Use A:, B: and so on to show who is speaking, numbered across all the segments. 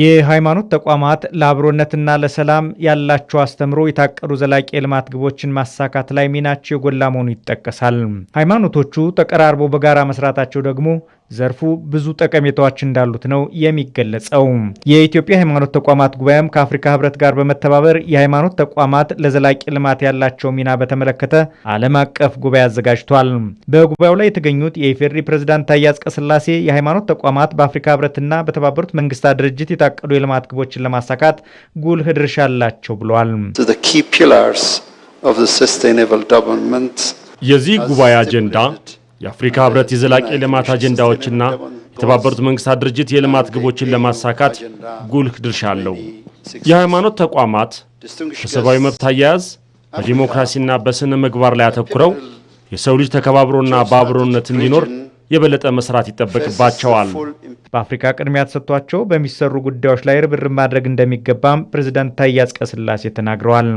A: የሃይማኖት ተቋማት ለአብሮነትና ለሰላም ያላቸው አስተምሮ የታቀዱ ዘላቂ የልማት ግቦችን ማሳካት ላይ ሚናቸው የጎላ መሆኑ ይጠቀሳል። ሃይማኖቶቹ ተቀራርበው በጋራ መስራታቸው ደግሞ ዘርፉ ብዙ ጠቀሜታዎች እንዳሉት ነው የሚገለጸው። የኢትዮጵያ ሃይማኖት ተቋማት ጉባኤም ከአፍሪካ ህብረት ጋር በመተባበር የሃይማኖት ተቋማት ለዘላቂ ልማት ያላቸው ሚና በተመለከተ ዓለም አቀፍ ጉባኤ አዘጋጅቷል። በጉባኤው ላይ የተገኙት የኢፌዴሪ ፕሬዝዳንት ታዬ አጽቀሥላሴ የሃይማኖት ተቋማት በአፍሪካ ህብረትና በተባበሩት መንግስታት ድርጅት የታቀዱ የልማት ግቦችን ለማሳካት ጉልህ ድርሻ አላቸው ብለዋል።
B: የዚህ ጉባኤ አጀንዳ የአፍሪካ ህብረት የዘላቂ ልማት አጀንዳዎችና የተባበሩት መንግስታት ድርጅት የልማት ግቦችን ለማሳካት ጉልህ ድርሻ አለው። የሃይማኖት ተቋማት በሰብአዊ መብት አያያዝ፣ በዲሞክራሲና በስነ ምግባር ላይ አተኩረው የሰው ልጅ ተከባብሮና በአብሮነት እንዲኖር የበለጠ መስራት ይጠበቅባቸዋል።
A: በአፍሪካ ቅድሚያ ተሰጥቷቸው በሚሰሩ ጉዳዮች ላይ ርብር ማድረግ እንደሚገባም ፕሬዚዳንት ታዬ አጽቀሥላሴ ተናግረዋል።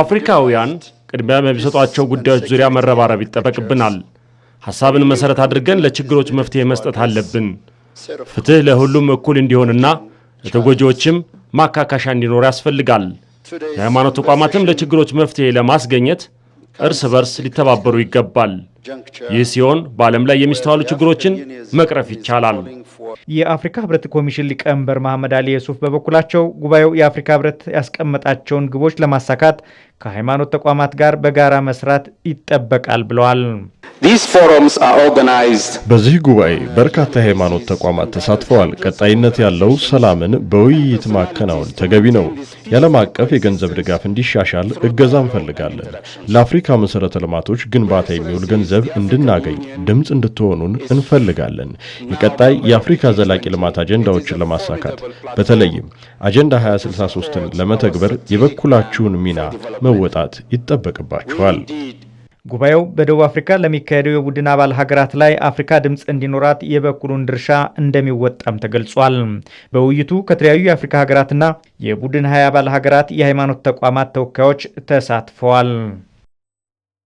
B: አፍሪካውያን ቅድሚያ በሚሰጧቸው ጉዳዮች ዙሪያ መረባረብ ይጠበቅብናል። ሐሳብን መሠረት አድርገን ለችግሮች መፍትሄ መስጠት አለብን። ፍትሕ ለሁሉም እኩል እንዲሆንና ለተጎጂዎችም ማካካሻ እንዲኖር ያስፈልጋል። የሃይማኖት ተቋማትም ለችግሮች መፍትሄ ለማስገኘት እርስ በርስ ሊተባበሩ ይገባል። ይህ ሲሆን በዓለም ላይ የሚስተዋሉ ችግሮችን መቅረፍ ይቻላል።
A: የአፍሪካ ህብረት ኮሚሽን ሊቀመንበር መሐመድ አሊ የሱፍ በበኩላቸው ጉባኤው የአፍሪካ ህብረት ያስቀመጣቸውን ግቦች ለማሳካት ከሃይማኖት ተቋማት ጋር በጋራ መስራት ይጠበቃል ብለዋል።
B: በዚህ ጉባኤ በርካታ የሃይማኖት ተቋማት ተሳትፈዋል። ቀጣይነት ያለው ሰላምን በውይይት ማከናወን ተገቢ ነው። የዓለም አቀፍ የገንዘብ ድጋፍ እንዲሻሻል እገዛ እንፈልጋለን። ለአፍሪካ መሠረተ ልማቶች ግንባታ የሚውል ገንዘብ እንድናገኝ ድምፅ እንድትሆኑን እንፈልጋለን። የቀጣይ የአፍሪካ ዘላቂ ልማት አጀንዳዎችን ለማሳካት በተለይም አጀንዳ 2063ን ለመተግበር የበኩላችሁን ሚና መወጣት ይጠበቅባችኋል።
A: ጉባኤው በደቡብ አፍሪካ ለሚካሄደው የቡድን አባል ሀገራት ላይ አፍሪካ ድምፅ እንዲኖራት የበኩሉን ድርሻ እንደሚወጣም ተገልጿል። በውይይቱ ከተለያዩ የአፍሪካ ሀገራትና የቡድን ሀያ አባል ሀገራት የሃይማኖት ተቋማት ተወካዮች ተሳትፈዋል።